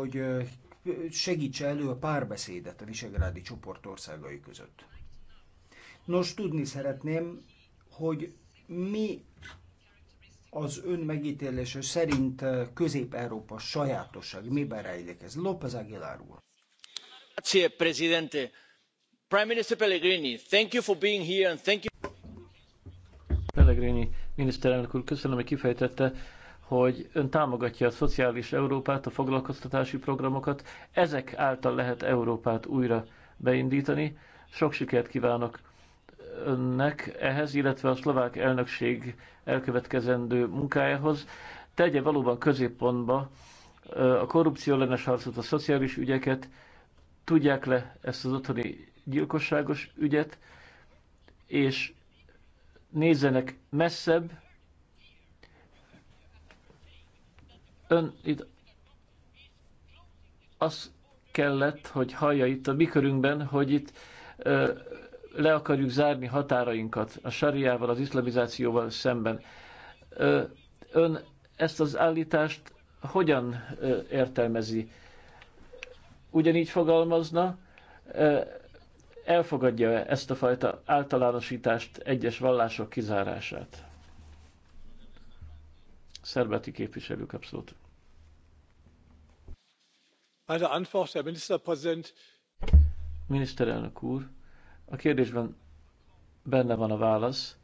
hogy segítse elő a párbeszédet a visegrádi csoport országai között. Nos, tudni szeretném, hogy mi az ön megítélése szerint Közép-Európa sajátosság, miben rejlik ez? López Aguilar úr. Grazie, Presidente. Prime Minister Pellegrini, thank you for being here and thank you. Pellegrini miniszterelnök úr, köszönöm, hogy kifejtette hogy ön támogatja a szociális Európát, a foglalkoztatási programokat. Ezek által lehet Európát újra beindítani. Sok sikert kívánok önnek ehhez, illetve a szlovák elnökség elkövetkezendő munkájához. Tegye valóban középpontba a korrupció ellenes harcot, a szociális ügyeket, tudják le ezt az otthoni gyilkosságos ügyet, és nézzenek messzebb, ön itt azt kellett, hogy hallja itt a mi körünkben, hogy itt ö, le akarjuk zárni határainkat a sariával, az iszlamizációval szemben. Ö, ön ezt az állítást hogyan ö, értelmezi? Ugyanígy fogalmazna, ö, elfogadja -e ezt a fajta általánosítást, egyes vallások kizárását? Szerbeti képviselő kapszót. Meine Antwort, Herr Ministerpräsident. Miniszterelnök úr, a kérdésben benne van a válasz.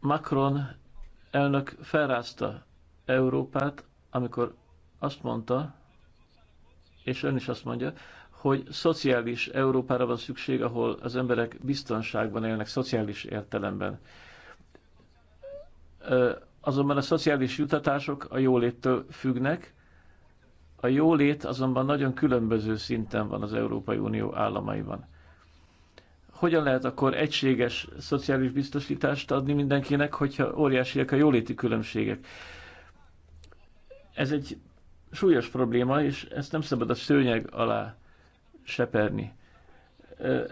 Macron elnök felrázta Európát, amikor azt mondta, és ön is azt mondja, hogy szociális Európára van szükség, ahol az emberek biztonságban élnek, szociális értelemben azonban a szociális jutatások a jóléttől függnek, a jólét azonban nagyon különböző szinten van az Európai Unió államaiban. Hogyan lehet akkor egységes szociális biztosítást adni mindenkinek, hogyha óriásiak a jóléti különbségek? Ez egy súlyos probléma, és ezt nem szabad a szőnyeg alá seperni. E,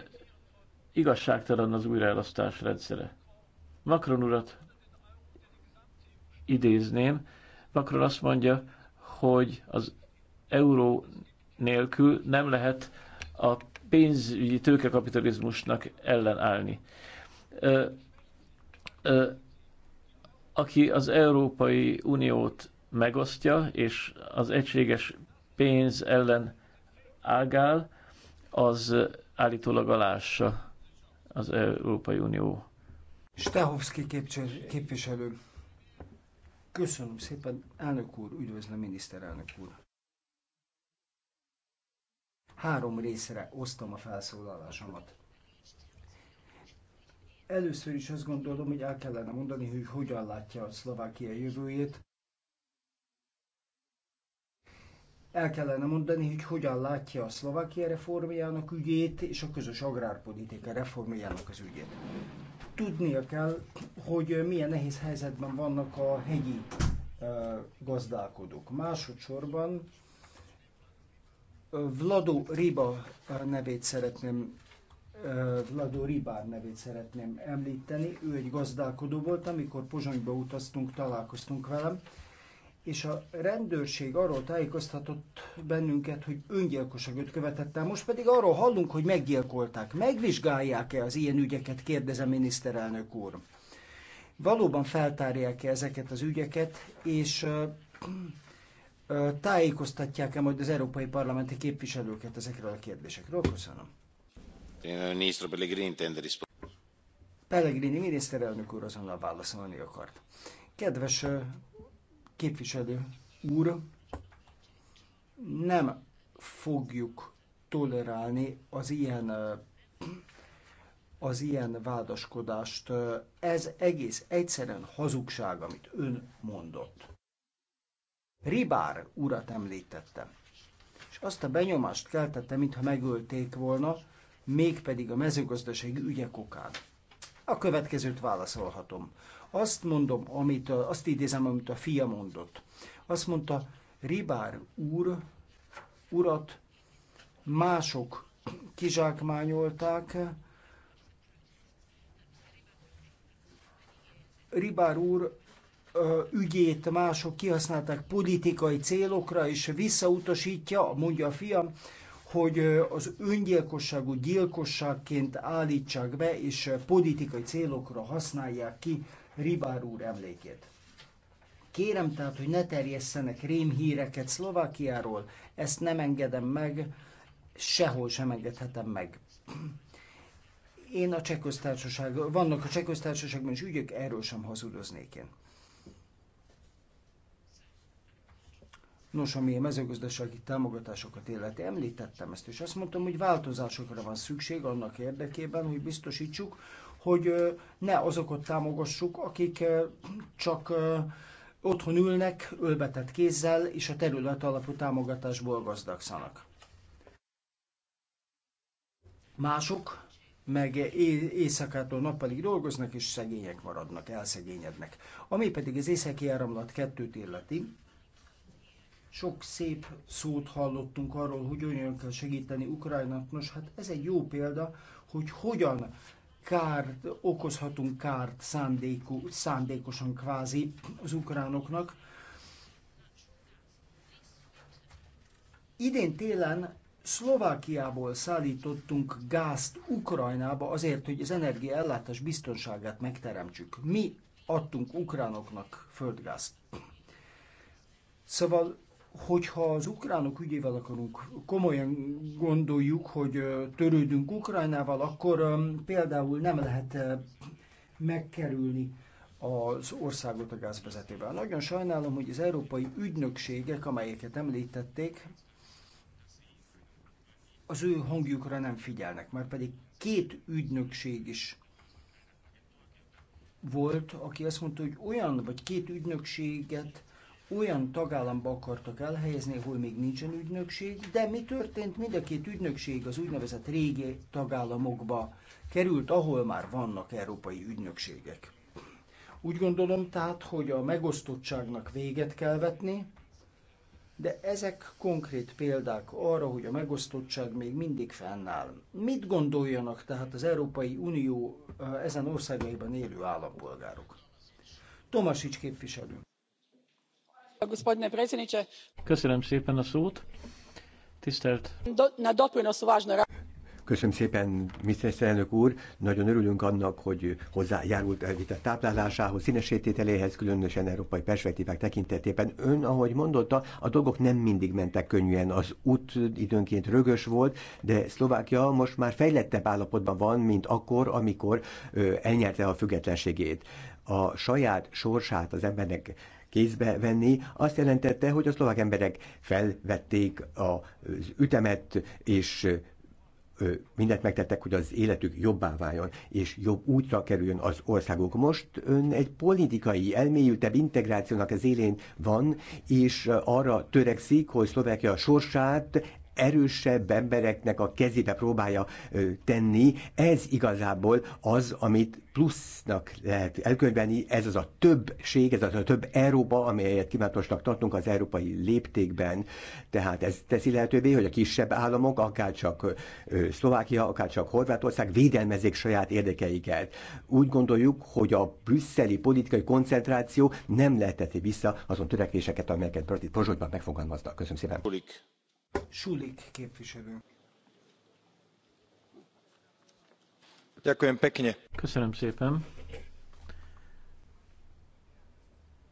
igazságtalan az újraelasztás rendszere. Macron urat idézném. Macron azt mondja, hogy az euró nélkül nem lehet a pénzügyi tőkekapitalizmusnak ellenállni. aki az Európai Uniót megosztja, és az egységes pénz ellen ágál, az állítólag alássa az Európai Unió. Stahovszki képviselő. Köszönöm szépen, elnök úr, üdvözlöm miniszterelnök úr. Három részre osztom a felszólalásomat. Először is azt gondolom, hogy el kellene mondani, hogy hogyan látja a Szlovákia jövőjét. El kellene mondani, hogy hogyan látja a Szlovákia reformjának ügyét és a közös agrárpolitika reformjának az ügyét tudnia kell, hogy milyen nehéz helyzetben vannak a hegyi gazdálkodók. Másodszorban Vlado Riba nevét szeretném Vlado Ribár nevét szeretném említeni. Ő egy gazdálkodó volt, amikor Pozsonyba utaztunk, találkoztunk velem, és a rendőrség arról tájékoztatott bennünket, hogy öngyilkosságot követett el, most pedig arról hallunk, hogy meggyilkolták. Megvizsgálják-e az ilyen ügyeket, kérdezem miniszterelnök úr. Valóban feltárják-e ezeket az ügyeket, és tájékoztatják-e majd az európai parlamenti képviselőket ezekről a kérdésekről? Köszönöm. Eh, Pellegrini miniszterelnök úr azonnal válaszolni akart. Kedves képviselő úr, nem fogjuk tolerálni az ilyen az ilyen vádaskodást. Ez egész egyszerűen hazugság, amit ön mondott. Ribár urat említettem, és azt a benyomást keltette, mintha megölték volna, mégpedig a mezőgazdasági ügyek okán. A következőt válaszolhatom. Azt mondom, amit, a, azt idézem, amit a fia mondott. Azt mondta, Ribár úr, urat mások kizsákmányolták, Ribár úr ügyét mások kihasználták politikai célokra, és visszautasítja, mondja a fiam, hogy az öngyilkosságú gyilkosságként állítsák be, és politikai célokra használják ki Ribár úr emlékét. Kérem tehát, hogy ne terjesszenek rémhíreket Szlovákiáról, ezt nem engedem meg, sehol sem engedhetem meg. Én a Csehköztársaság, vannak a Csehköztársaságban is ügyök, erről sem hazudoznék én. Nos, ami a mezőgazdasági támogatásokat illeti, említettem ezt, és azt mondtam, hogy változásokra van szükség annak érdekében, hogy biztosítsuk, hogy ne azokat támogassuk, akik csak otthon ülnek, ölbetett kézzel, és a terület alapú támogatásból gazdagszanak. Mások meg éjszakától nappalig dolgoznak, és szegények maradnak, elszegényednek. Ami pedig az északi áramlat kettőt illeti, sok szép szót hallottunk arról, hogy olyan kell segíteni Ukrajnát. Nos, hát ez egy jó példa, hogy hogyan kárt, okozhatunk kárt szándékú, szándékosan kvázi az ukránoknak. Idén télen Szlovákiából szállítottunk gázt Ukrajnába azért, hogy az energiaellátás biztonságát megteremtsük. Mi adtunk ukránoknak földgázt. Szóval hogyha az ukránok ügyével akarunk, komolyan gondoljuk, hogy törődünk Ukrajnával, akkor például nem lehet megkerülni az országot a gázvezetével. Nagyon sajnálom, hogy az európai ügynökségek, amelyeket említették, az ő hangjukra nem figyelnek, mert pedig két ügynökség is volt, aki azt mondta, hogy olyan, vagy két ügynökséget olyan tagállamba akartak elhelyezni, ahol még nincsen ügynökség, de mi történt? Mind a két ügynökség az úgynevezett régi tagállamokba került, ahol már vannak európai ügynökségek. Úgy gondolom tehát, hogy a megosztottságnak véget kell vetni, de ezek konkrét példák arra, hogy a megosztottság még mindig fennáll. Mit gondoljanak tehát az Európai Unió eh, ezen országaiban élő állampolgárok? Tomasics képviselő. Köszönöm szépen a szót. Tisztelt! Köszönöm szépen, miniszterelnök úr. Nagyon örülünk annak, hogy hozzájárult a táplálásához, színesétételéhez, különösen európai perspektívák tekintetében. Ön, ahogy mondotta, a dolgok nem mindig mentek könnyűen. Az út időnként rögös volt, de Szlovákia most már fejlettebb állapotban van, mint akkor, amikor elnyerte a függetlenségét. A saját sorsát az embernek kézbe venni, azt jelentette, hogy a szlovák emberek felvették az ütemet, és mindent megtettek, hogy az életük jobbá váljon, és jobb útra kerüljön az országok. Most ön egy politikai, elmélyültebb integrációnak az élén van, és arra törekszik, hogy Szlovákia sorsát erősebb embereknek a kezébe próbálja tenni, ez igazából az, amit plusznak lehet elkönyvelni, ez az a többség, ez az a több Európa, amelyet kívánatosnak tartunk az európai léptékben. Tehát ez teszi lehetővé, hogy a kisebb államok, akárcsak Szlovákia, akárcsak Horvátország védelmezik saját érdekeiket. Úgy gondoljuk, hogy a brüsszeli politikai koncentráció nem leheteti vissza azon törekvéseket, amelyeket Pozsonyban megfogalmaznak. Köszönöm szépen. Sulik képviselő. Köszönöm szépen.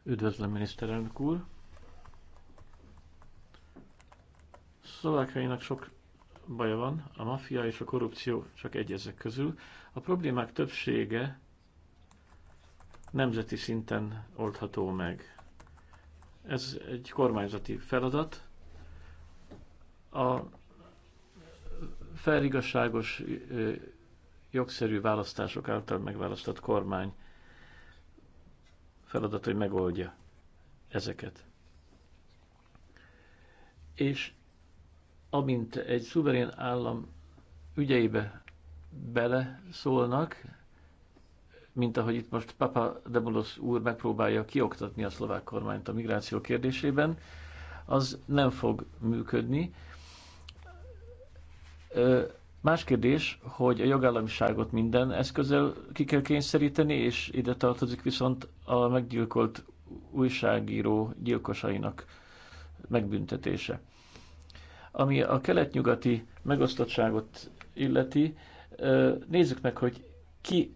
Üdvözlöm, miniszterelnök úr. Szlovákiainak sok baja van, a maffia és a korrupció csak egy ezek közül. A problémák többsége nemzeti szinten oldható meg. Ez egy kormányzati feladat, a feligasságos jogszerű választások által megválasztott kormány feladat, hogy megoldja ezeket. És amint egy szuverén állam ügyeibe bele szólnak, mint ahogy itt most Papa Demolos úr megpróbálja kioktatni a szlovák kormányt a migráció kérdésében, az nem fog működni. Más kérdés, hogy a jogállamiságot minden eszközzel ki kell kényszeríteni, és ide tartozik viszont a meggyilkolt újságíró gyilkosainak megbüntetése. Ami a kelet-nyugati megosztottságot illeti, nézzük meg, hogy ki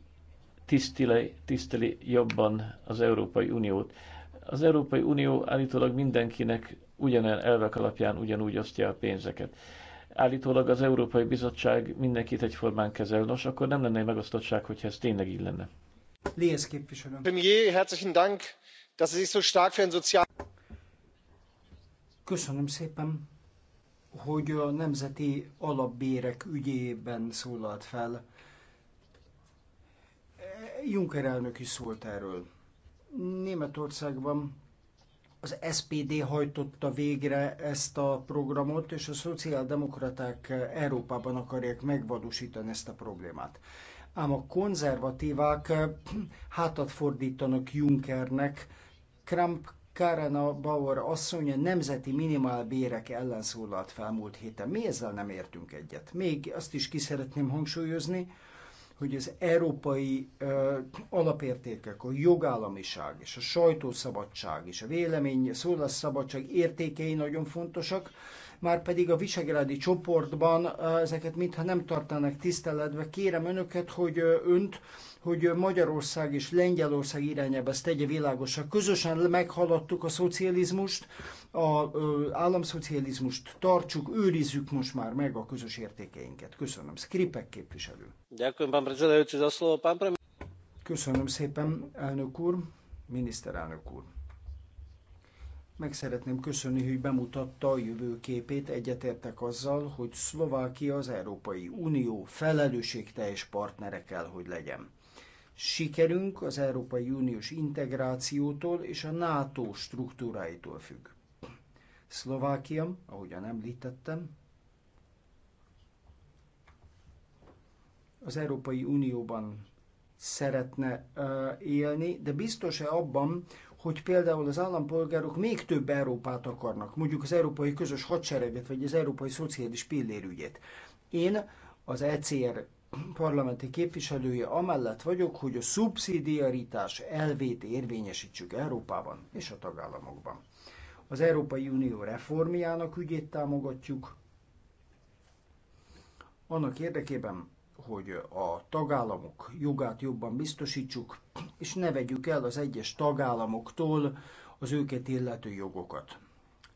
tisztile, tiszteli jobban az Európai Uniót. Az Európai Unió állítólag mindenkinek ugyanilyen elvek alapján ugyanúgy osztja a pénzeket állítólag az Európai Bizottság mindenkit egyformán kezel. Nos, akkor nem lenne megosztottság, hogyha ez tényleg így lenne. Léhez képviselő. Premier, herzlichen Dank, dass Sie sich so stark für ein sozial... Köszönöm szépen, hogy a nemzeti alapbérek ügyében szólalt fel. Juncker elnök is szólt erről. Németországban az SPD hajtotta végre ezt a programot, és a szociáldemokraták Európában akarják megvalósítani ezt a problémát. Ám a konzervatívák hátat fordítanak Junckernek, Kramp Karen Bauer asszony a nemzeti minimálbérek ellen szólalt fel múlt héten. Mi ezzel nem értünk egyet. Még azt is ki szeretném hangsúlyozni, hogy az európai ö, alapértékek, a jogállamiság és a sajtószabadság és a vélemény, a szólásszabadság értékei nagyon fontosak, már pedig a visegrádi csoportban ezeket mintha nem tartanak tiszteletbe. Kérem önöket, hogy önt, hogy Magyarország és Lengyelország irányába ezt tegye világosra. Közösen meghaladtuk a szocializmust, a ö, államszocializmust tartsuk, őrizzük most már meg a közös értékeinket. Köszönöm. Skripek képviselő. Köszönöm, Köszönöm szépen, elnök úr, miniszterelnök úr. Meg szeretném köszönni, hogy bemutatta a jövőképét, egyetértek azzal, hogy Szlovákia az Európai Unió felelősségteljes partnere kell, hogy legyen. Sikerünk az Európai Uniós integrációtól és a NATO struktúráitól függ. Szlovákia, ahogyan említettem, az Európai Unióban szeretne élni, de biztos-e abban, hogy például az állampolgárok még több Európát akarnak, mondjuk az Európai Közös Hadsereget, vagy az Európai Szociális Pillérügyet. Én az ECR parlamenti képviselője amellett vagyok, hogy a szubszidiaritás elvét érvényesítsük Európában és a tagállamokban. Az Európai Unió reformjának ügyét támogatjuk, annak érdekében, hogy a tagállamok jogát jobban biztosítsuk, és ne vegyük el az egyes tagállamoktól az őket illető jogokat.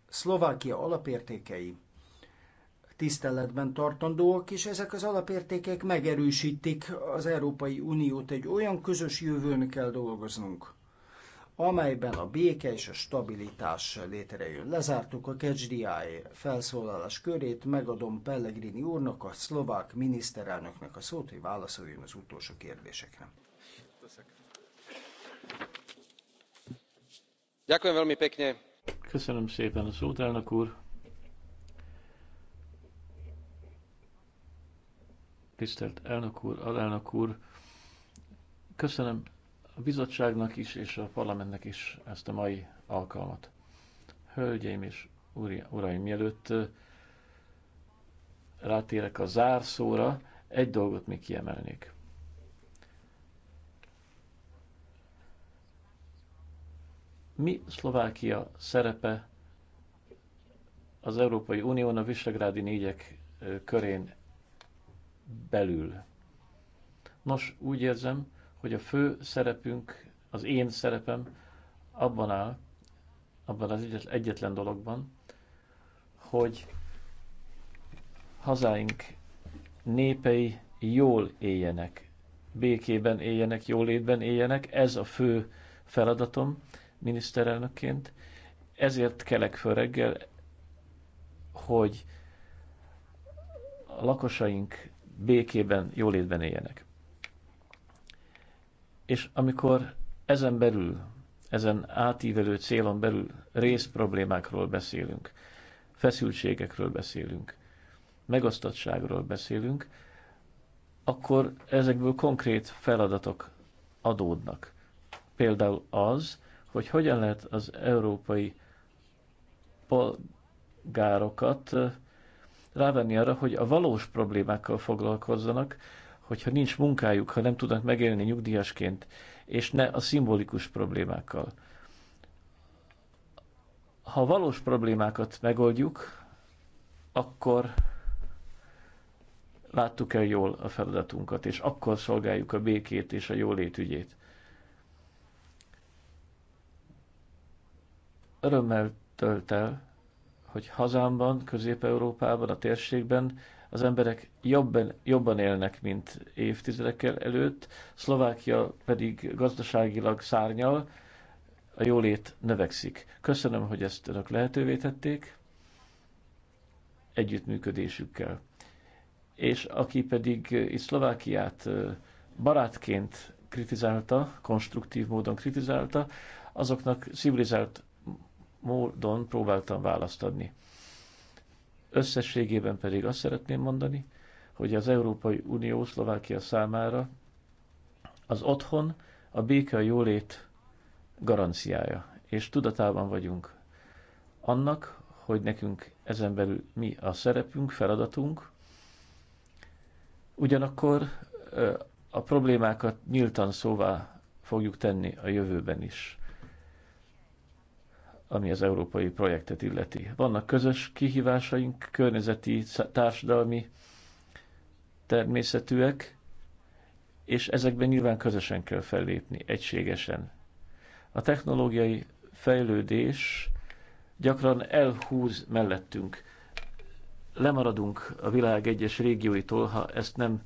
Szlovákia alapértékei tiszteletben tartandóak, és ezek az alapértékek megerősítik az Európai Uniót. Egy olyan közös jövőn kell dolgoznunk, amelyben a béke és a stabilitás létrejön. Lezártuk a KCDI felszólalás körét, megadom Pellegrini úrnak, a szlovák miniszterelnöknek a szót, hogy válaszoljon az utolsó kérdésekre. Köszönöm szépen a szót, elnök úr. Tisztelt elnök úr, alelnök úr, köszönöm a bizottságnak is és a parlamentnek is ezt a mai alkalmat. Hölgyeim és uraim, mielőtt rátérek a zárszóra, egy dolgot még kiemelnék. Mi Szlovákia szerepe az Európai Unión a Visegrádi négyek körén belül? Nos, úgy érzem, hogy a fő szerepünk, az én szerepem abban áll, abban az egyetlen dologban, hogy hazáink népei jól éljenek, békében éljenek, jólétben éljenek. Ez a fő feladatom miniszterelnökként. Ezért kelek föl reggel, hogy a lakosaink békében, jólétben éljenek. És amikor ezen belül, ezen átívelő célon belül részproblémákról beszélünk, feszültségekről beszélünk, megosztottságról beszélünk, akkor ezekből konkrét feladatok adódnak. Például az, hogy hogyan lehet az európai polgárokat eh, rávenni arra, hogy a valós problémákkal foglalkozzanak, hogyha nincs munkájuk, ha nem tudnak megélni nyugdíjasként, és ne a szimbolikus problémákkal. Ha valós problémákat megoldjuk, akkor láttuk el jól a feladatunkat, és akkor szolgáljuk a békét és a jólét ügyét. Örömmel tölt el, hogy hazámban, Közép-Európában, a térségben az emberek jobban, jobban élnek, mint évtizedekkel előtt, Szlovákia pedig gazdaságilag szárnyal, a jólét növekszik. Köszönöm, hogy ezt önök lehetővé tették együttműködésükkel. És aki pedig itt Szlovákiát barátként kritizálta, konstruktív módon kritizálta, azoknak civilizált módon próbáltam választ adni. Összességében pedig azt szeretném mondani, hogy az Európai Unió Szlovákia számára az otthon a béke a jólét garanciája, és tudatában vagyunk annak, hogy nekünk ezen belül mi a szerepünk, feladatunk, ugyanakkor a problémákat nyíltan szóvá fogjuk tenni a jövőben is ami az európai projektet illeti. Vannak közös kihívásaink, környezeti, társadalmi, természetűek, és ezekben nyilván közösen kell fellépni, egységesen. A technológiai fejlődés gyakran elhúz mellettünk. Lemaradunk a világ egyes régióitól, ha ezt nem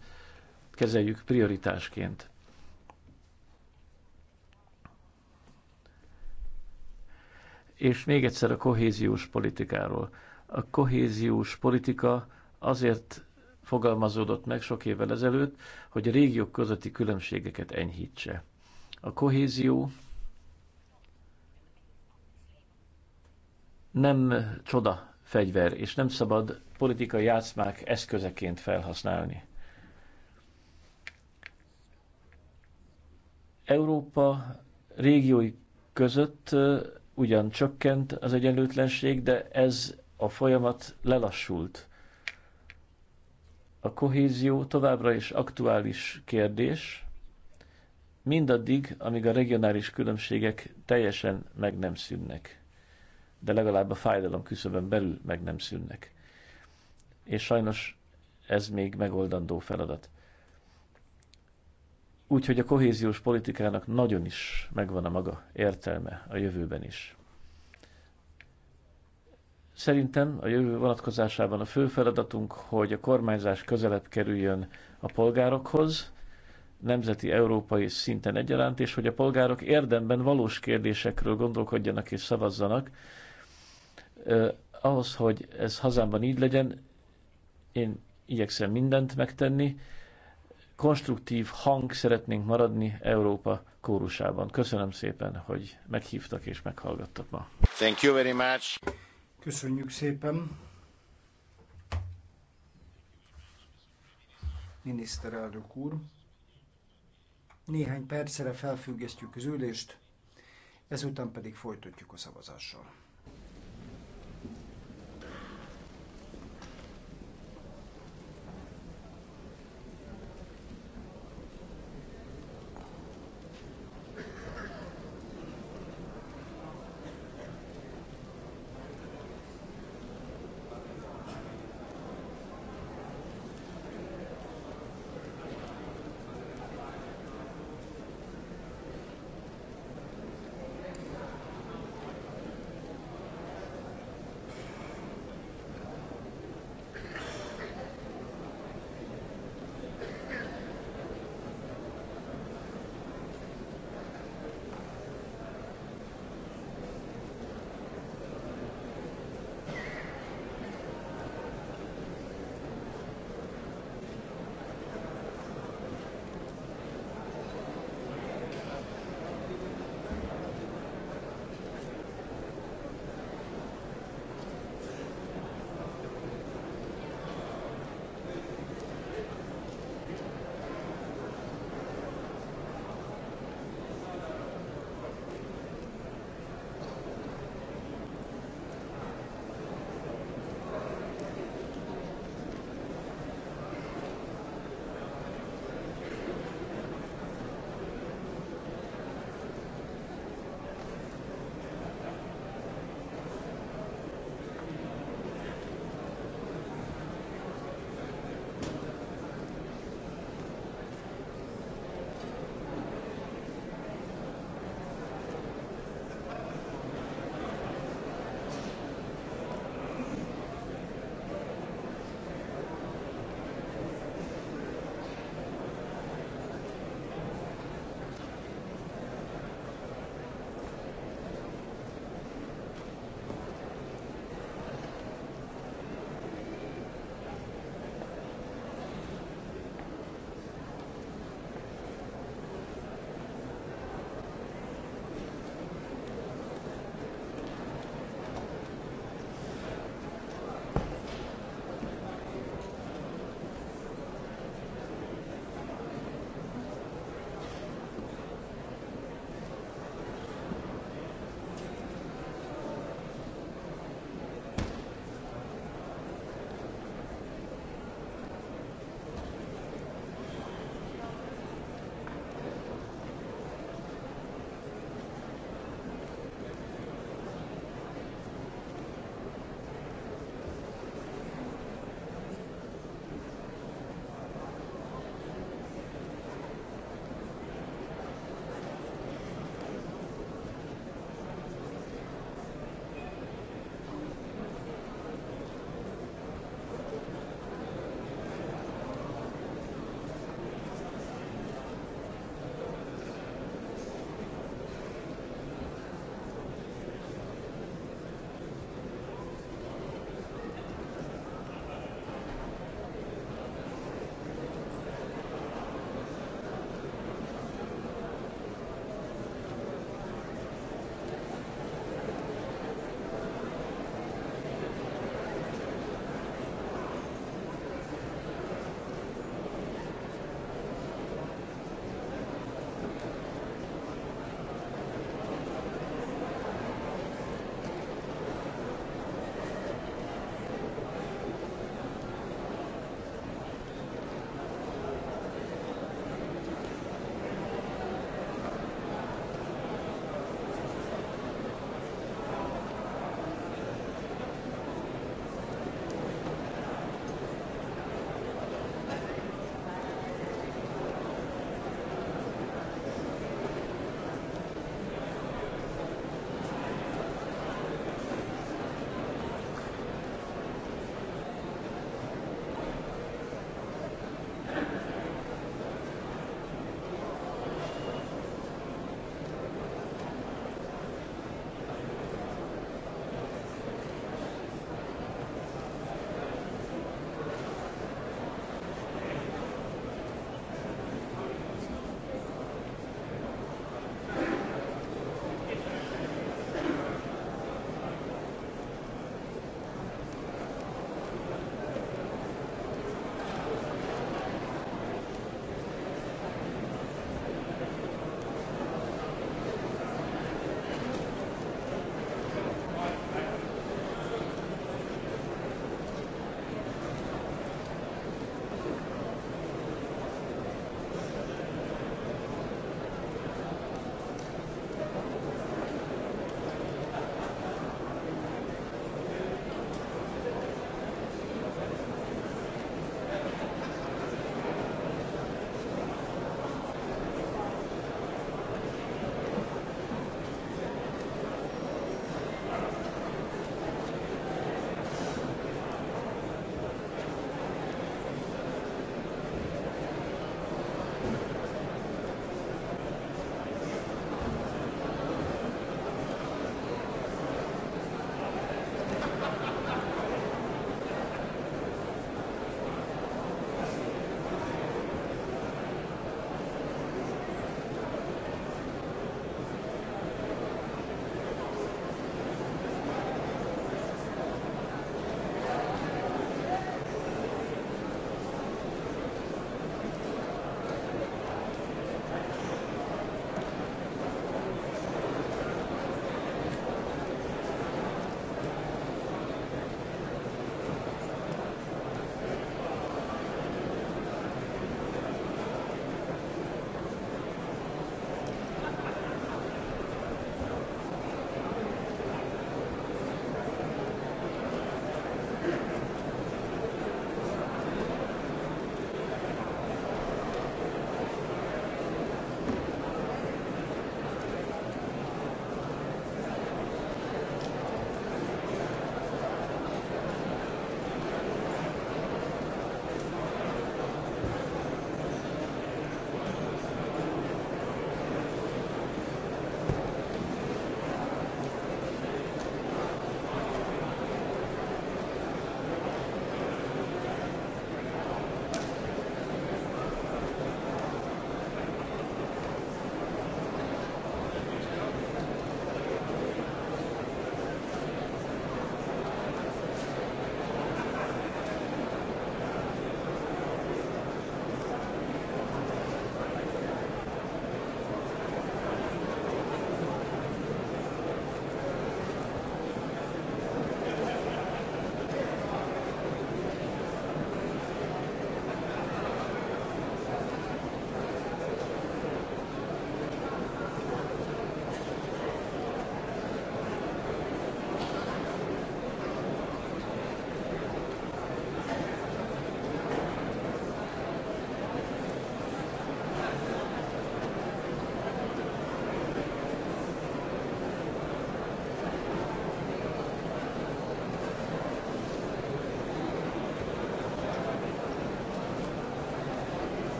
kezeljük prioritásként. És még egyszer a kohéziós politikáról. A kohéziós politika azért fogalmazódott meg sok évvel ezelőtt, hogy a régiók közötti különbségeket enyhítse. A kohézió nem csoda fegyver, és nem szabad politikai játszmák eszközeként felhasználni. Európa régiói között ugyan csökkent az egyenlőtlenség, de ez a folyamat lelassult. A kohézió továbbra is aktuális kérdés, mindaddig, amíg a regionális különbségek teljesen meg nem szűnnek, de legalább a fájdalom küszöbön belül meg nem szűnnek. És sajnos ez még megoldandó feladat. Úgyhogy a kohéziós politikának nagyon is megvan a maga értelme a jövőben is. Szerintem a jövő vonatkozásában a fő feladatunk, hogy a kormányzás közelebb kerüljön a polgárokhoz, nemzeti, európai szinten egyaránt, és hogy a polgárok érdemben valós kérdésekről gondolkodjanak és szavazzanak. Eh, ahhoz, hogy ez hazámban így legyen, én igyekszem mindent megtenni, konstruktív hang szeretnénk maradni Európa kórusában. Köszönöm szépen, hogy meghívtak és meghallgattak ma. Thank you very much. Köszönjük szépen. Miniszterelnök úr, néhány percre felfüggesztjük az ülést, ezután pedig folytatjuk a szavazással.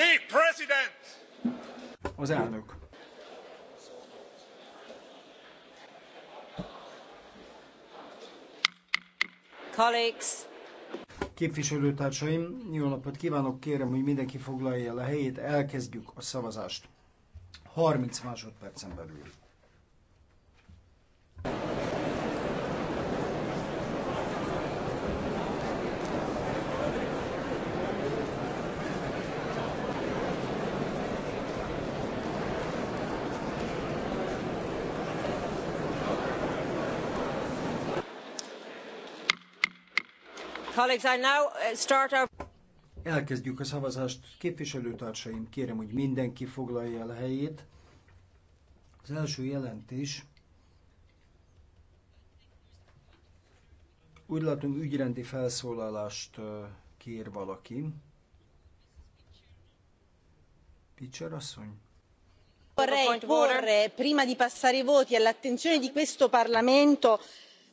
The President! Az elnök. Colleagues. Képviselőtársaim, jó napot kívánok, kérem, hogy mindenki foglalja el a helyét, elkezdjük a szavazást. 30 másodpercen belül. Uh, Elkezdjük a szavazást. Képviselőtársaim, kérem, hogy mindenki foglalja el a helyét. Az első jelentés. Úgy látom, ügyrendi felszólalást uh, kér valaki. Pitcher asszony? Vorrei porre, prima di passare i voti all'attenzione di questo Parlamento,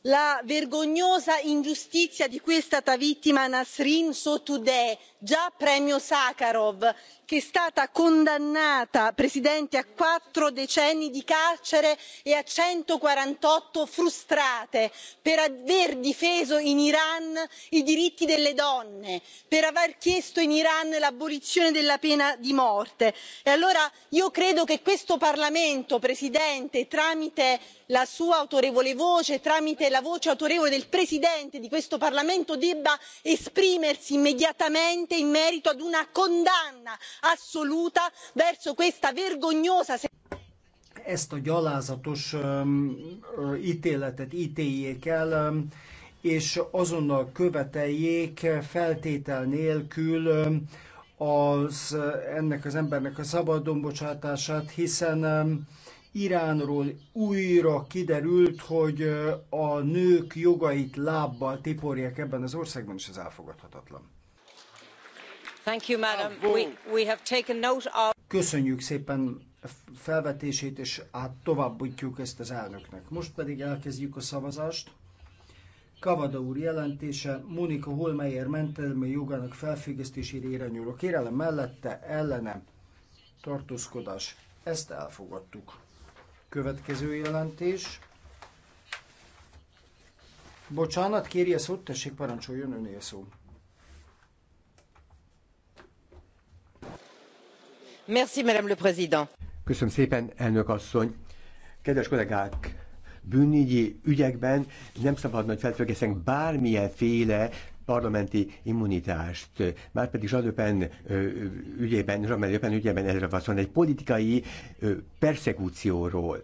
la vergognosa ingiustizia di cui è stata vittima nasrin sotoudeh già premio sacharov che è stata condannata presidente a quattro decenni di carcere e a centoquarantotto frustrate per aver difeso in iran i diritti delle donne per aver chiesto in iran l'abolizione della pena di morte. e allora io credo che questo parlamento presidente tramite la sua autorevole voce tramite la voce autorevole del presidente di questo parlamento debba esprimersi immediatamente in merito ad una condanna assoluta verso questa vergognosa ezt a gyalázatos ítéletet ítéljék el, és azonnal követeljék feltétel nélkül az, ennek az embernek a szabadonbocsátását, bocsátását, hiszen Iránról újra kiderült, hogy a nők jogait lábbal tiporják ebben az országban, és ez elfogadhatatlan. Thank you, madam. We, we have taken note of... Köszönjük szépen felvetését, és át továbbítjuk ezt az elnöknek. Most pedig elkezdjük a szavazást. Kavada úr jelentése, Monika Holmeyer mentelmi jogának felfüggesztésére irányuló kérelem mellette ellene tartózkodás. Ezt elfogadtuk. Következő jelentés. Bocsánat, kéri a szót, tessék, parancsoljon önél szó. Merci, Madame le Président. Köszönöm szépen, elnök asszony. Kedves kollégák, bűnügyi ügyekben nem szabadna, hogy felfüggesztünk bármilyen féle parlamenti immunitást. Márpedig pedig Le ügyében, Zsadöpen ügyében ezre van szó, egy politikai persekúcióról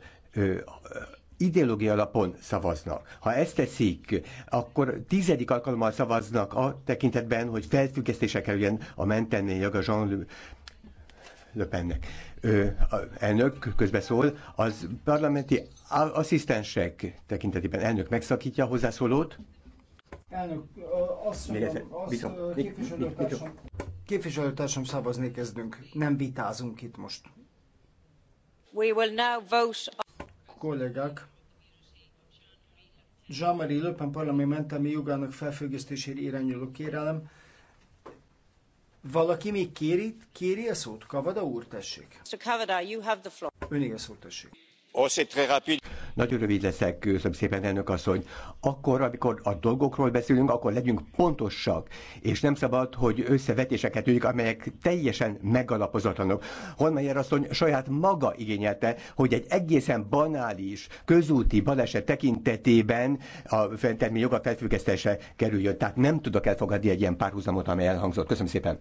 ideológia alapon szavaznak. Ha ezt teszik, akkor tizedik alkalommal szavaznak a tekintetben, hogy felfüggesztése kerüljön a mentennél jog a Jean Le Pennek. a elnök közbeszól, az parlamenti asszisztensek tekintetében elnök megszakítja a hozzászólót. Elnök, azt mondom, képviselőtársam, szavazni kezdünk. Nem vitázunk itt most. We will now vote. on... Kollégák, Jean-Marie Le Pen parlamentemi jogának felfüggesztésére irányuló kérelem. Valaki még kéri, kéri a szót? Kavada úr, tessék. Mr. Kavada, you have the floor. Önig a szót, tessék. Oh, c'est très rapide. Nagyon rövid leszek, köszönöm szépen, elnök asszony. Akkor, amikor a dolgokról beszélünk, akkor legyünk pontosak, és nem szabad, hogy összevetéseket üljük, amelyek teljesen megalapozatlanok. Holmeyer asszony saját maga igényelte, hogy egy egészen banális közúti baleset tekintetében a fentelmi joga felfüggesztése kerüljön. Tehát nem tudok elfogadni egy ilyen párhuzamot, amely elhangzott. Köszönöm szépen.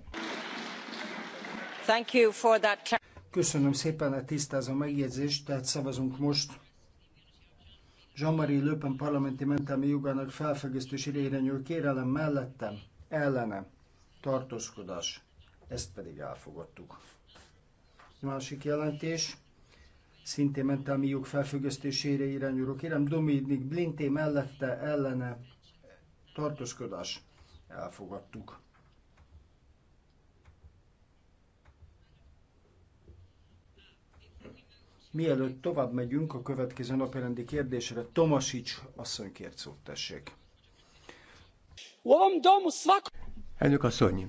Thank you for that. Köszönöm szépen hát a tisztázó megjegyzést, tehát szavazunk most Jean-Marie Le Pen parlamenti mentelmi jogának felfüggesztésére irányuló kérelem mellettem, ellene, tartózkodás. Ezt pedig elfogadtuk. másik jelentés, szintén mentelmi jog felfüggesztésére irányuló kérem, Dominik Blinté mellette, ellene, tartózkodás. Elfogadtuk. Mielőtt tovább megyünk a következő napirendi kérdésre, Tomasics asszony kért szót, tessék. Elnök asszony,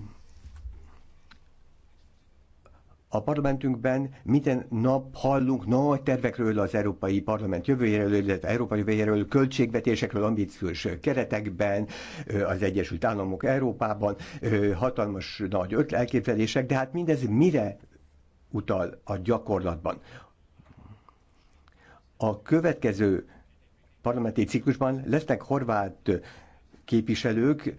a parlamentünkben minden nap hallunk nagy tervekről az Európai Parlament jövőjéről, illetve Európai jövőjéről, költségvetésekről, ambíciós keretekben, az Egyesült Államok Európában, hatalmas nagy ötlelképzelések, de hát mindez mire utal a gyakorlatban. A következő parlamenti ciklusban lesznek horvát képviselők,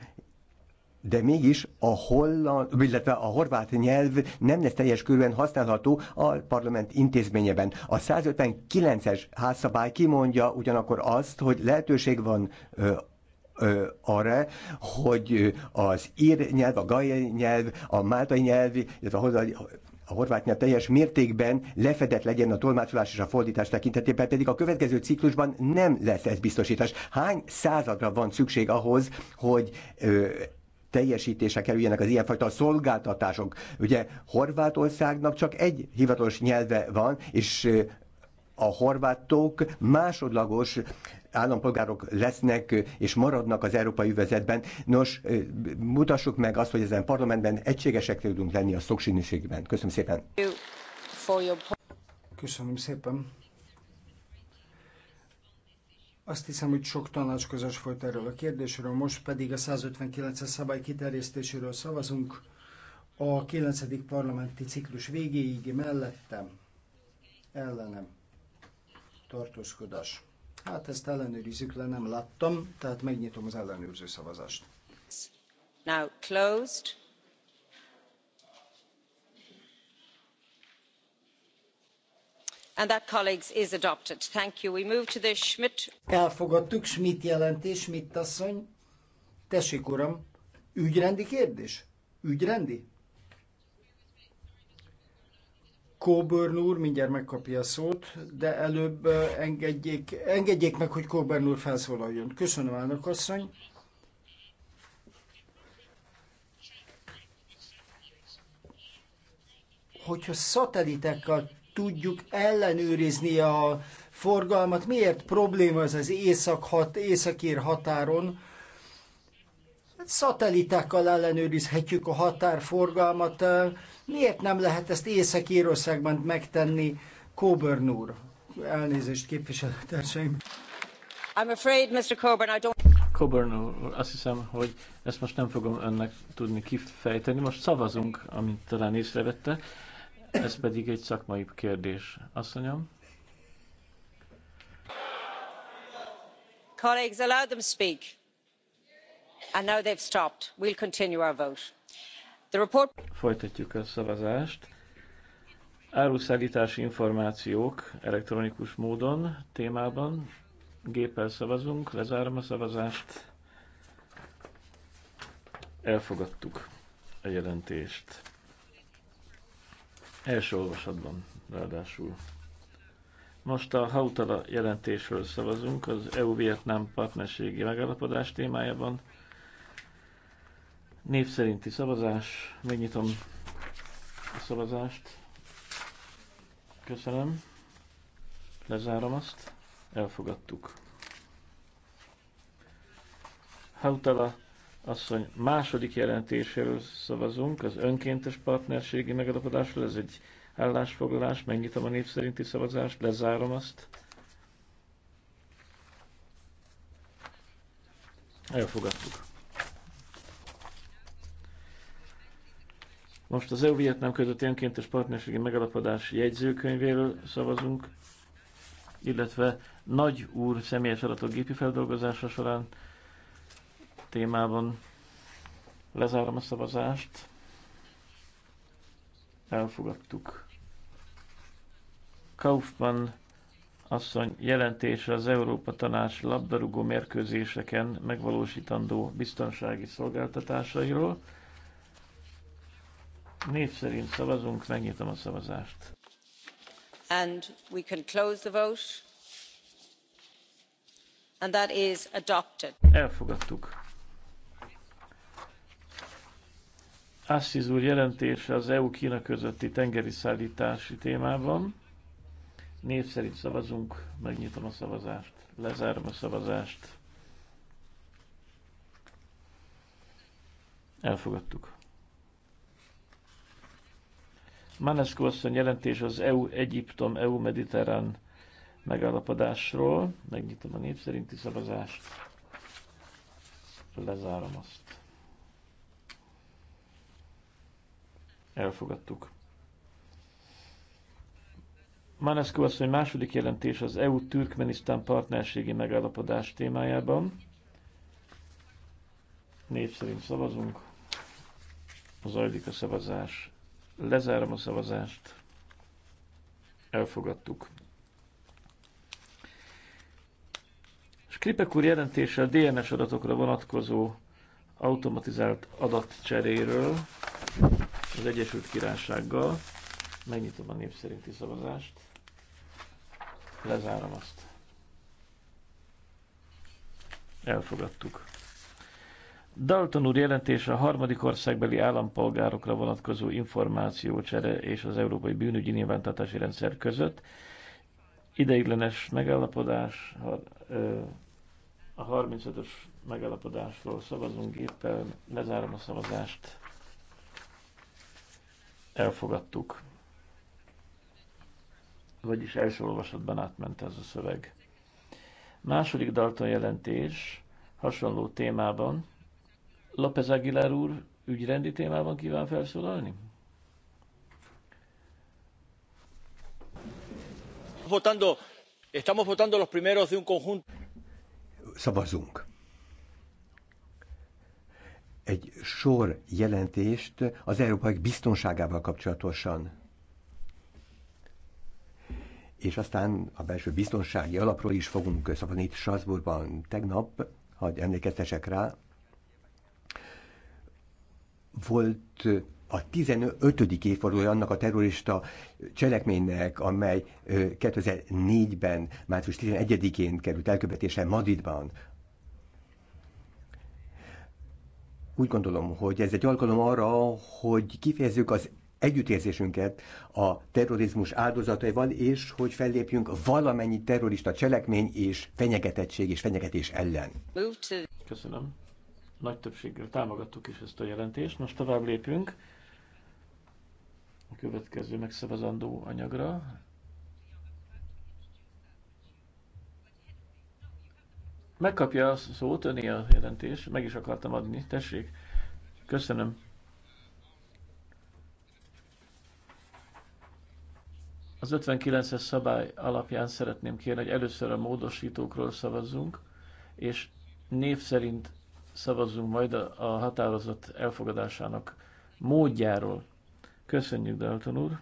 de mégis a holland, illetve a horvát nyelv nem lesz teljes körülön használható a parlament intézményeben. A 159-es házszabály kimondja ugyanakkor azt, hogy lehetőség van ö, ö, arra, hogy az ír nyelv, a gai nyelv, a máltai nyelv, illetve a a horvátnya teljes mértékben lefedett legyen a tolmácsolás és a fordítás tekintetében, pedig a következő ciklusban nem lesz ez biztosítás. Hány századra van szükség ahhoz, hogy ö, teljesítése kerüljenek az ilyenfajta szolgáltatások. Ugye Horvátországnak csak egy hivatalos nyelve van, és a horvátok másodlagos állampolgárok lesznek és maradnak az európai üvezetben. Nos, mutassuk meg azt, hogy ezen parlamentben egységesek tudunk lenni a szoksínűségben. Köszönöm szépen. Köszönöm szépen. Azt hiszem, hogy sok tanács közös volt erről a kérdésről, most pedig a 159-es szabály kiterjesztéséről szavazunk a 9. parlamenti ciklus végéig mellettem ellenem tartózkodás. Hát ezt ellenőrizzük le, nem láttam, tehát megnyitom az ellenőrző szavazást. Now closed. And that, colleagues, is adopted. Thank you. We move to the Schmidt. Elfogadtuk Schmidt jelentés, Schmidt asszony. Tessék, uram, ügyrendi kérdés? Ügyrendi? Coburn úr mindjárt megkapja a szót, de előbb engedjék, engedjék meg, hogy Coburn úr felszólaljon. Köszönöm, elnök asszony. Hogyha szatelitekkel tudjuk ellenőrizni a forgalmat, miért probléma ez az észak-hat, északír határon, szatelitákkal ellenőrizhetjük a határforgalmat. Miért nem lehet ezt Észak-Írországban megtenni, Coburn úr? Elnézést, képviselőtársaim. I'm afraid, Mr. Coburn, I don't... Coburn úr, azt hiszem, hogy ezt most nem fogom önnek tudni kifejteni. Most szavazunk, amit talán észrevette. Ez pedig egy szakmai kérdés. Asszonyom? Colleagues, allow them speak. Folytatjuk a szavazást. áruszálltási információk elektronikus módon témában. Géppel szavazunk, lezárom a szavazást. Elfogadtuk a jelentést. Első olvasatban ráadásul. Most a Hautala jelentésről szavazunk, az EU-Vietnám partnerségi megállapodás témájában. Név szerinti szavazás. Megnyitom a szavazást. Köszönöm. Lezárom azt. Elfogadtuk. Hautala asszony második jelentéséről szavazunk, az önkéntes partnerségi megadapodásról. Ez egy állásfoglalás. Megnyitom a név szerinti szavazást. Lezárom azt. Elfogadtuk. Most az EU-Vietnám közötti önkéntes partnerségi megalapodás jegyzőkönyvéről szavazunk, illetve nagy úr személyes adatok gépi feldolgozása során témában lezárom a szavazást. Elfogadtuk. Kaufmann asszony jelentése az Európa Tanács labdarúgó mérkőzéseken megvalósítandó biztonsági szolgáltatásairól. Név szerint szavazunk, megnyitom a szavazást. And we can close the vote. And that is adopted. Elfogadtuk. Assis úr jelentése az EU-Kína közötti tengeri szállítási témában. Név szerint szavazunk, megnyitom a szavazást, lezárom a szavazást. Elfogadtuk. Manescu asszony jelentés az EU-Egyiptom-EU-Mediterrán megállapodásról. Megnyitom a népszerinti szavazást. Lezárom azt. Elfogadtuk. Manescu asszony második jelentés az EU-Türkmenisztán partnerségi megállapodás témájában. Név szerint szavazunk. Zajlik a szavazás. Lezárom a szavazást. Elfogadtuk. Skripek úr jelentése a DNS adatokra vonatkozó automatizált adatcseréről az Egyesült Királysággal. Megnyitom a népszerinti szavazást. Lezárom azt. Elfogadtuk. Dalton úr jelentése a harmadik országbeli állampolgárokra vonatkozó információcsere és az Európai Bűnügyi Nyilvántartási Rendszer között. Ideiglenes megállapodás, a 35-ös megállapodásról szavazunk éppen, lezárom a szavazást, elfogadtuk. Vagyis első olvasatban átment ez a szöveg. Második Dalton jelentés hasonló témában, López Aguilar úr ügyrendi témában kíván felszólalni? Votando, estamos votando los primeros de un conjunto. Szavazunk egy sor jelentést az európai biztonságával kapcsolatosan. És aztán a belső biztonsági alapról is fogunk szavazni itt Strasbourgban tegnap, hogy emlékeztesek rá, volt a 15. évfordulója annak a terrorista cselekménynek, amely 2004-ben, március 11-én került elkövetésre Madridban. Úgy gondolom, hogy ez egy alkalom arra, hogy kifejezzük az együttérzésünket a terrorizmus áldozataival, és hogy fellépjünk valamennyi terrorista cselekmény és fenyegetettség és fenyegetés ellen. Köszönöm nagy többséggel támogattuk is ezt a jelentést. Most tovább lépünk a következő megszavazandó anyagra. Megkapja a szót, öné a jelentés, meg is akartam adni, tessék. Köszönöm. Az 59-es szabály alapján szeretném kérni, hogy először a módosítókról szavazzunk, és név szerint szavazzunk majd a határozat elfogadásának módjáról. Köszönjük, Dalton úr!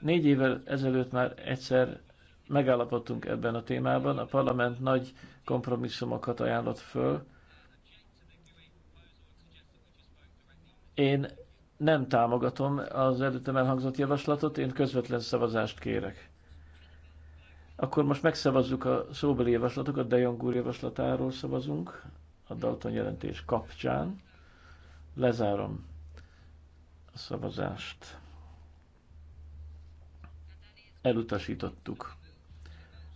Négy évvel ezelőtt már egyszer megállapodtunk ebben a témában, a parlament nagy kompromisszumokat ajánlott föl. Én nem támogatom az előttem elhangzott javaslatot, én közvetlen szavazást kérek. Akkor most megszavazzuk a szóbeli javaslatokat, de Jong javaslatáról szavazunk a Dalton jelentés kapcsán. Lezárom a szavazást. Elutasítottuk.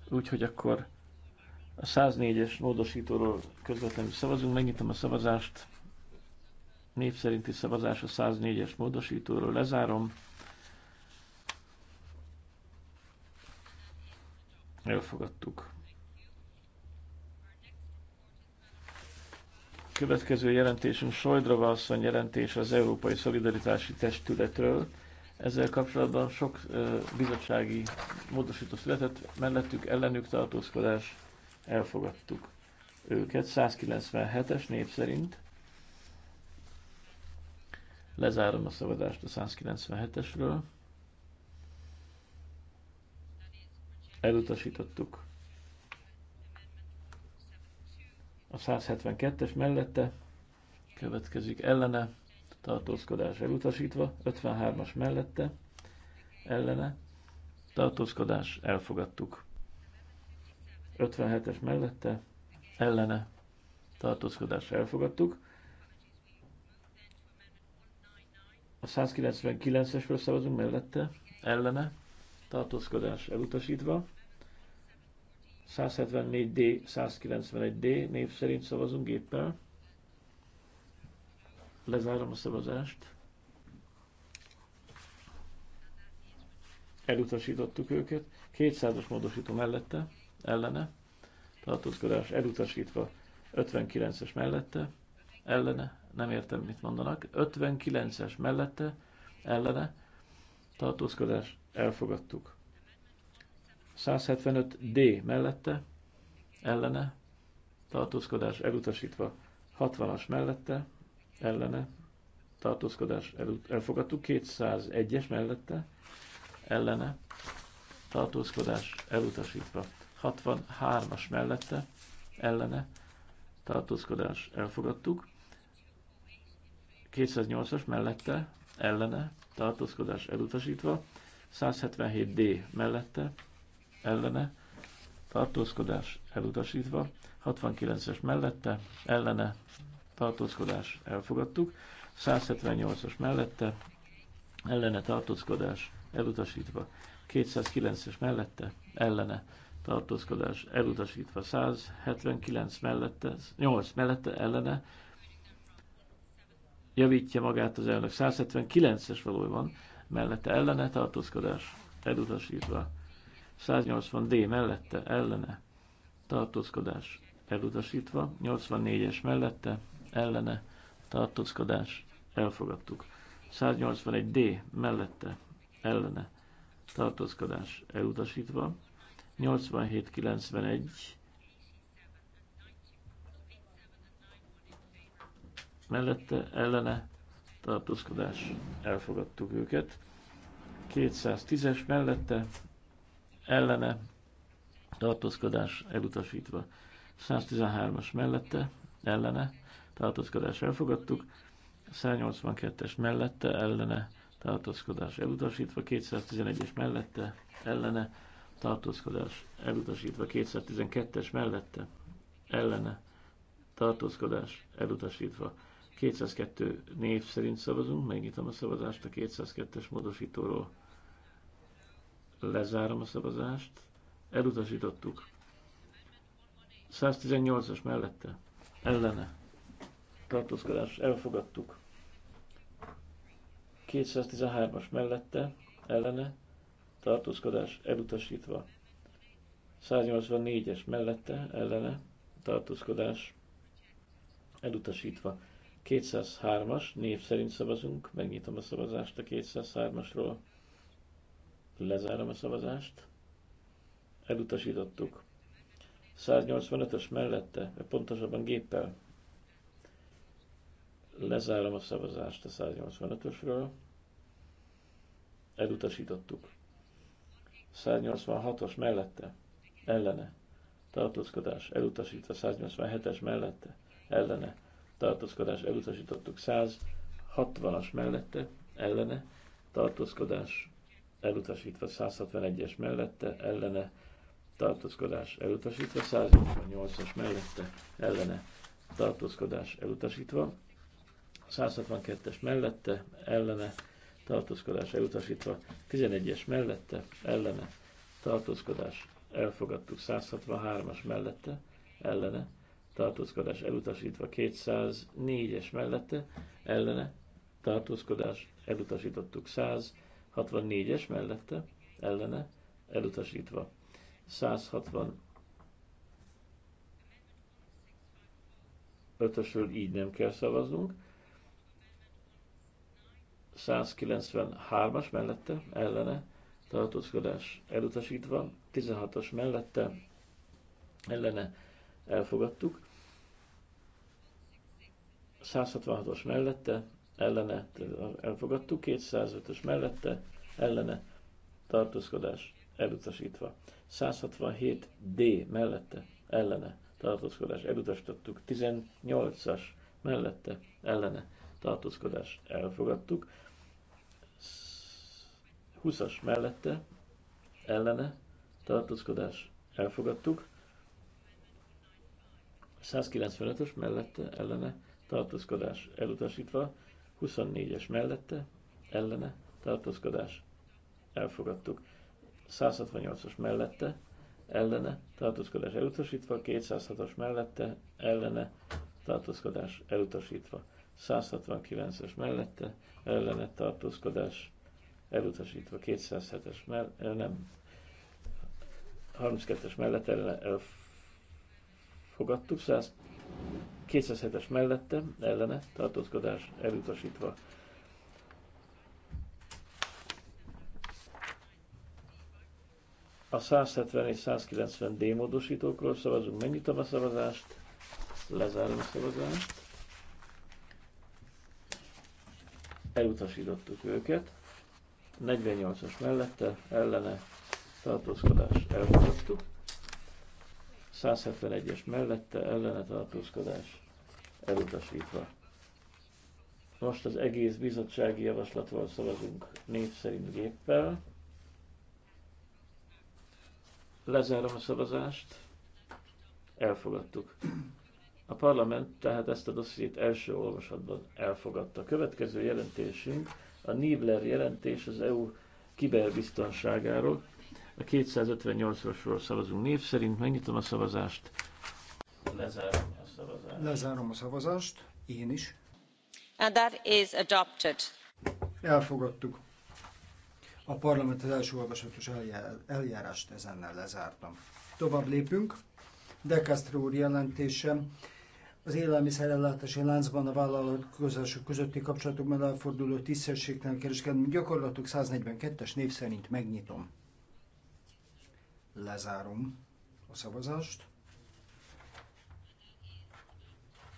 Úgyhogy akkor a 104-es módosítóról közvetlenül szavazunk. Megnyitom a szavazást. Népszerinti szerinti szavazás a 104-es módosítóról. Lezárom. Elfogadtuk. Következő jelentésünk Sojdra Valszony jelentés az Európai Szolidaritási Testületről. Ezzel kapcsolatban sok bizottsági módosító született, mellettük ellenük tartózkodás elfogadtuk őket 197-es név szerint. Lezárom a szabadást a 197-esről. elutasítottuk. A 172-es mellette következik ellene, tartózkodás elutasítva, 53-as mellette ellene, tartózkodás elfogadtuk. 57-es mellette ellene, tartózkodás elfogadtuk. A 199-esről szavazunk mellette, ellene, tartózkodás elutasítva. 174D, 191D név szerint szavazunk géppel. Lezárom a szavazást. Elutasítottuk őket. 200-as módosító mellette, ellene. Tartózkodás elutasítva 59-es mellette, ellene. Nem értem, mit mondanak. 59-es mellette, ellene tartózkodás, elfogadtuk. 175D mellette, ellene, tartózkodás elutasítva. 60-as mellette, ellene, tartózkodás elfogadtuk. 201-es mellette, ellene, tartózkodás elutasítva. 63-as mellette, ellene, tartózkodás elfogadtuk. 208-as mellette, ellene, tartózkodás elutasítva, 177D mellette, ellene, tartózkodás elutasítva, 69-es mellette, ellene, tartózkodás elfogadtuk, 178-as mellette, ellene tartózkodás elutasítva, 209-es mellette, ellene tartózkodás elutasítva, 179 mellette, 8 mellette, ellene javítja magát az elnök. 179-es valójában mellette ellene tartózkodás elutasítva. 180 D mellette ellene tartózkodás elutasítva. 84-es mellette ellene tartózkodás elfogadtuk. 181 D mellette ellene tartózkodás elutasítva. 87-91 mellette ellene tartózkodás elfogadtuk őket. 210-es mellette ellene tartózkodás elutasítva. 113-as mellette ellene tartózkodás elfogadtuk. 182-es mellette ellene tartózkodás elutasítva. 211-es mellette ellene tartózkodás elutasítva. 212-es mellette ellene tartózkodás elutasítva. 202 név szerint szavazunk, megnyitom a szavazást a 202-es módosítóról. Lezárom a szavazást, elutasítottuk. 118-as mellette, ellene, tartózkodás, elfogadtuk. 213-as mellette, ellene, tartózkodás, elutasítva. 184-es mellette, ellene, tartózkodás, elutasítva. 203-as, név szerint szavazunk, megnyitom a szavazást a 203-asról, lezárom a szavazást, elutasítottuk. 185-ös mellette, pontosabban géppel, lezárom a szavazást a 185-ösről, elutasítottuk. 186-os mellette, ellene, tartózkodás, elutasítva, 187-es mellette, ellene, tartózkodás elutasítottuk 160-as mellette, ellene, tartózkodás elutasítva 161-es mellette, ellene, tartózkodás elutasítva, 188-as mellette, ellene, tartózkodás elutasítva, 162-es mellette, ellene, tartózkodás elutasítva, 11-es mellette, ellene, tartózkodás elfogadtuk, 163-as mellette, ellene, tartózkodás elutasítva 204-es mellette, ellene tartózkodás elutasítottuk 164-es mellette, ellene elutasítva 160 ötösről így nem kell szavaznunk, 193-as mellette, ellene tartózkodás elutasítva, 16-os mellette, ellene elfogadtuk, 166-os mellette, ellene elfogadtuk, 205-ös mellette, ellene tartózkodás elutasítva. 167D mellette, ellene tartózkodás elutasítottuk, 18-as mellette, ellene tartózkodás elfogadtuk, 20-as mellette, ellene tartózkodás elfogadtuk, 195-ös mellette, ellene tartózkodás elutasítva, 24-es mellette, ellene, tartózkodás elfogadtuk. 168-as mellette, ellene, tartózkodás elutasítva, 206-as mellette, ellene, tartózkodás elutasítva, 169-es mellette, ellene, tartózkodás elutasítva, 207-es mellette, eh, nem, 32-es mellette ellene elfogadtuk, 207-es mellette, ellene, tartózkodás elutasítva. A 170 és 190 D módosítókról szavazunk. Megnyitom a szavazást, lezárom a szavazást. Elutasítottuk őket. 48-as mellette, ellene, tartózkodás elutasítottuk. 171-es mellette ellene tartózkodás elutasítva. Most az egész bizottsági javaslatról szavazunk név szerint géppel. Lezárom a szavazást. Elfogadtuk. A parlament tehát ezt a dossziét első olvasatban elfogadta. Következő jelentésünk a Nibler jelentés az EU kiberbiztonságáról. A 258-osról szavazunk név szerint. Megnyitom a szavazást. Lezárom a szavazást. Lezárom a szavazást. Én is. And that is adopted. Elfogadtuk. A parlament az első olvasatos eljárást ezennel lezártam. Tovább lépünk. De Castro úr jelentése az élelmiszerellátási láncban a vállalkozások közötti kapcsolatokban elforduló tisztességtelen kereskedelmi gyakorlatok 142-es név szerint megnyitom. Lezárom a szavazást.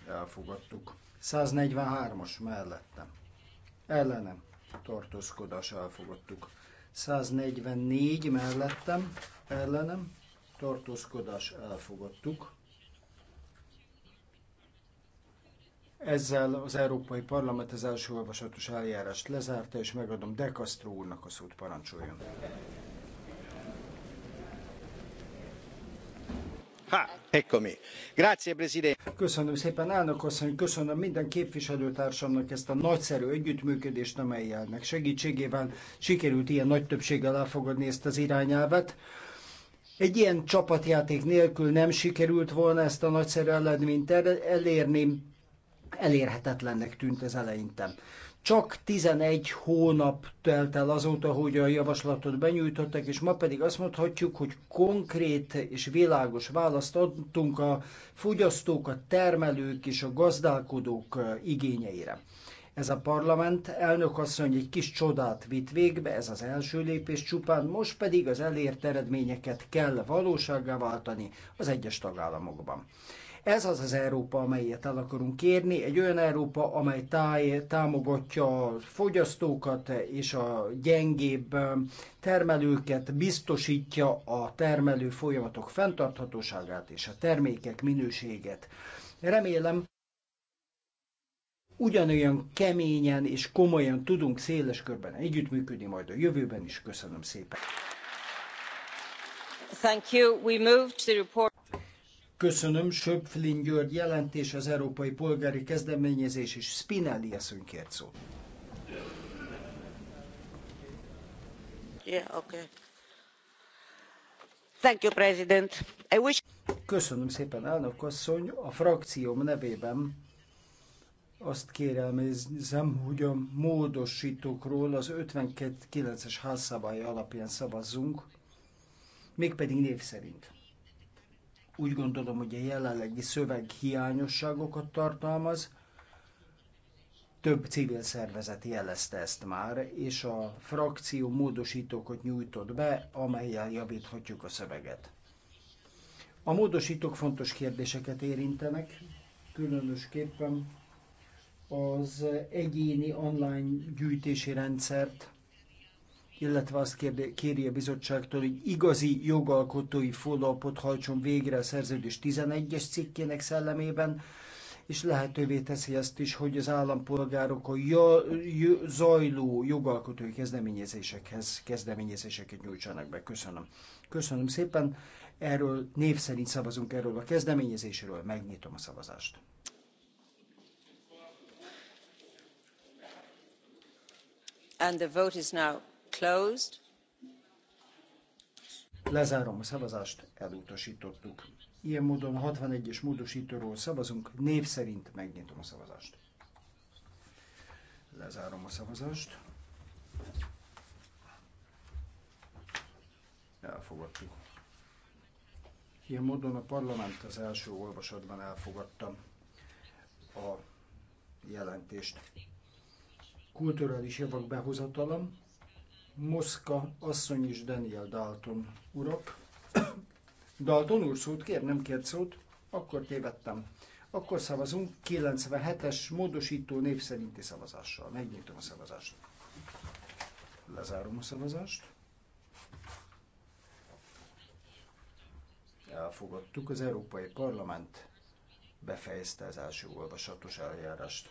Elfogadtuk. 143-as mellettem. Ellenem. Tartózkodás elfogadtuk. 144 mellettem. Ellenem. Tartózkodás elfogadtuk. Ezzel az Európai Parlament az első olvasatos eljárást lezárta, és megadom De Castro úrnak a szót, parancsoljon. Köszönöm szépen, elnök asszony, köszönöm minden képviselőtársamnak ezt a nagyszerű együttműködést, amelyelnek segítségével sikerült ilyen nagy többséggel elfogadni ezt az irányelvet. Egy ilyen csapatjáték nélkül nem sikerült volna ezt a nagyszerű eredményt elérni, elérhetetlennek tűnt ez eleinte. Csak 11 hónap telt el azóta, hogy a javaslatot benyújtottak, és ma pedig azt mondhatjuk, hogy konkrét és világos választ adtunk a fogyasztók, a termelők és a gazdálkodók igényeire. Ez a parlament elnök asszony egy kis csodát vitt végbe, ez az első lépés csupán, most pedig az elért eredményeket kell valósággá váltani az egyes tagállamokban. Ez az az Európa, amelyet el akarunk kérni, egy olyan Európa, amely táj, támogatja a fogyasztókat és a gyengébb um, termelőket, biztosítja a termelő folyamatok fenntarthatóságát és a termékek minőséget. Remélem, ugyanolyan keményen és komolyan tudunk széles körben együttműködni majd a jövőben is. Köszönöm szépen! Thank you. We move to the report. Köszönöm, Söpflin György jelentés az Európai Polgári Kezdeményezés és Spinelli eszünkért szó. Yeah, okay. Thank you, President. I wish... Köszönöm szépen, elnök asszony. A frakcióm nevében azt kérelmezem, hogy a módosítókról az 59-es házszabály alapján szavazzunk, mégpedig név szerint. Úgy gondolom, hogy a jelenlegi szöveg hiányosságokat tartalmaz, több civil szervezet jelezte ezt már, és a frakció módosítókat nyújtott be, amelyel javíthatjuk a szöveget. A módosítók fontos kérdéseket érintenek, különösképpen az egyéni online gyűjtési rendszert, illetve azt kérde, kéri a bizottságtól, hogy igazi jogalkotói follow hajtson végre a szerződés 11-es cikkének szellemében, és lehetővé teszi azt is, hogy az állampolgárok a ja, j, zajló jogalkotói kezdeményezésekhez kezdeményezéseket nyújtsanak be. Köszönöm. Köszönöm szépen. Erről név szerint szavazunk erről a kezdeményezésről. Megnyitom a szavazást. And the vote is now closed. Lezárom a szavazást, elutasítottuk. Ilyen módon a 61-es módosítóról szavazunk, név szerint megnyitom a szavazást. Lezárom a szavazást. Elfogadtuk. Ilyen módon a parlament az első olvasatban elfogadta a jelentést. Kulturális javak behozatalam, Moszka asszony és Daniel Dalton urak. Dalton úr szót kér, nem kért szót? Akkor tévedtem. Akkor szavazunk 97-es módosító népszerinti szavazással. Megnyitom a szavazást. Lezárom a szavazást. Elfogadtuk, az Európai Parlament befejezte az első olvasatos eljárást.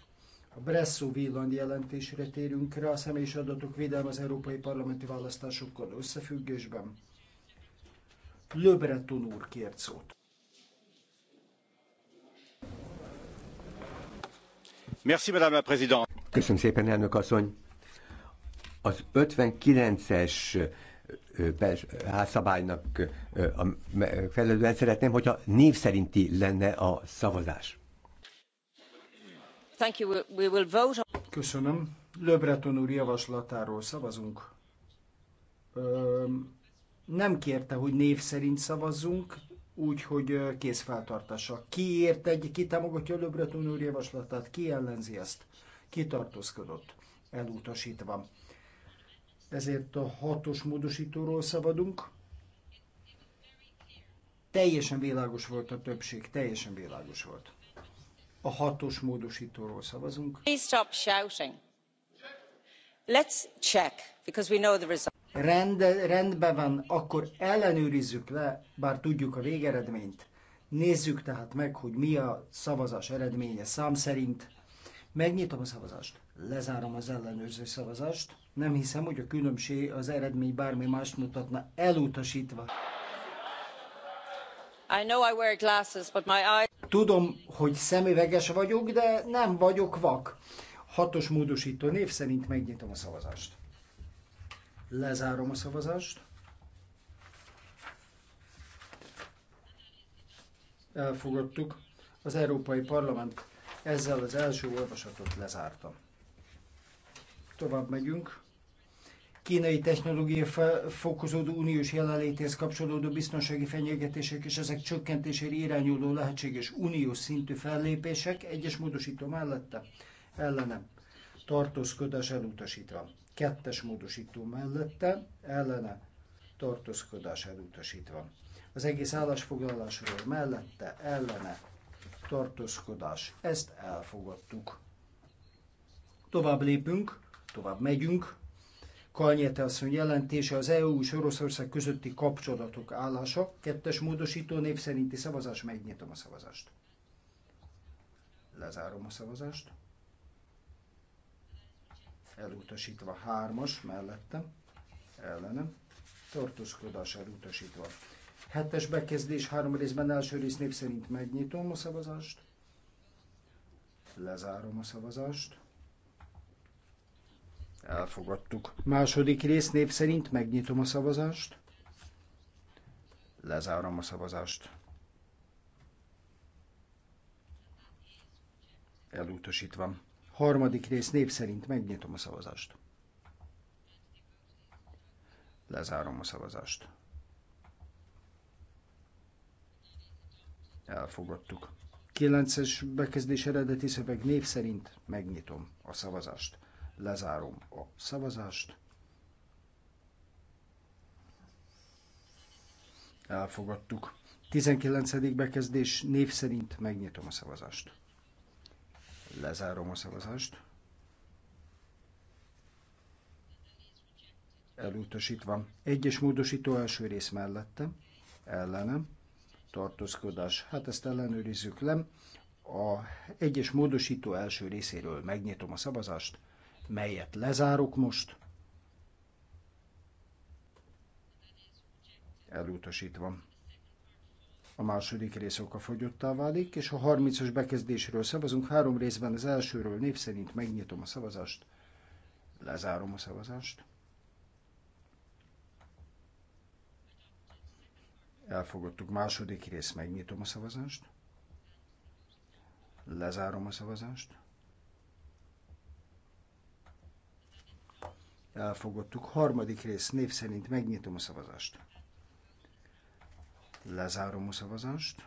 A Bresszó Villand jelentésre térünk rá, a személyis adatok védelme az európai parlamenti választásokkal összefüggésben. Löbreton úr kért szót. Merci, Madame la Présidente. Köszönöm szépen, elnök asszony. Az 59-es házszabálynak felelően szeretném, hogyha név szerinti lenne a szavazás. Köszönöm. Le Breton úr javaslatáról szavazunk. Ö, nem kérte, hogy név szerint szavazzunk, úgyhogy kézfeltartása. Ki ért egy, ki támogatja Le Breton úr javaslatát, ki ellenzi ezt, ki tartózkodott, elutasítva. Ezért a hatos módosítóról szabadunk. Teljesen világos volt a többség, teljesen világos volt. A hatos módosítóról szavazunk. Please stop shouting. Let's check, because we know the result. Rend, rendben van, akkor ellenőrizzük le, bár tudjuk a végeredményt. Nézzük tehát meg, hogy mi a szavazás eredménye szám szerint. Megnyitom a szavazást, lezárom az ellenőrző szavazást. Nem hiszem, hogy a különbség az eredmény bármi mást mutatna elutasítva. I know I wear glasses, but my eyes... Tudom, hogy szemüveges vagyok, de nem vagyok vak. Hatos módosító név szerint megnyitom a szavazást. Lezárom a szavazást. Elfogadtuk. Az Európai Parlament ezzel az első olvasatot lezárta. Tovább megyünk kínai technológia fokozódó uniós jelenlétéhez kapcsolódó biztonsági fenyegetések és ezek csökkentésére irányuló lehetséges uniós szintű fellépések, egyes módosító mellette ellene tartózkodás elutasítva. Kettes módosító mellette ellene tartózkodás elutasítva. Az egész állásfoglalásról mellette ellene tartózkodás. Ezt elfogadtuk. Tovább lépünk, tovább megyünk. Kalnyete asszony jelentése az EU és Oroszország közötti kapcsolatok állása. Kettes módosító név szerinti szavazás, megnyitom a szavazást. Lezárom a szavazást. Elutasítva hármas mellettem, ellenem, tartózkodás elutasítva. Hetes bekezdés három részben első rész név szerint megnyitom a szavazást. Lezárom a szavazást Elfogadtuk. Második rész név szerint megnyitom a szavazást. Lezárom a szavazást. Elutasítva. Harmadik rész név szerint megnyitom a szavazást. Lezárom a szavazást. Elfogadtuk. 9-es bekezdés eredeti szöveg név szerint megnyitom a szavazást. Lezárom a szavazást. Elfogadtuk. 19. bekezdés név szerint megnyitom a szavazást. Lezárom a szavazást. Elutasítva. Egyes módosító első rész mellette. ellenem, tartózkodás. Hát ezt ellenőrizzük le. A egyes módosító első részéről megnyitom a szavazást melyet lezárok most. Elutasítva. A második rész okafogyottá válik, és a 30-as bekezdésről szavazunk. Három részben az elsőről név szerint megnyitom a szavazást, lezárom a szavazást. Elfogadtuk. Második rész megnyitom a szavazást. Lezárom a szavazást. Elfogadtuk. Harmadik rész név szerint megnyitom a szavazást. Lezárom a szavazást.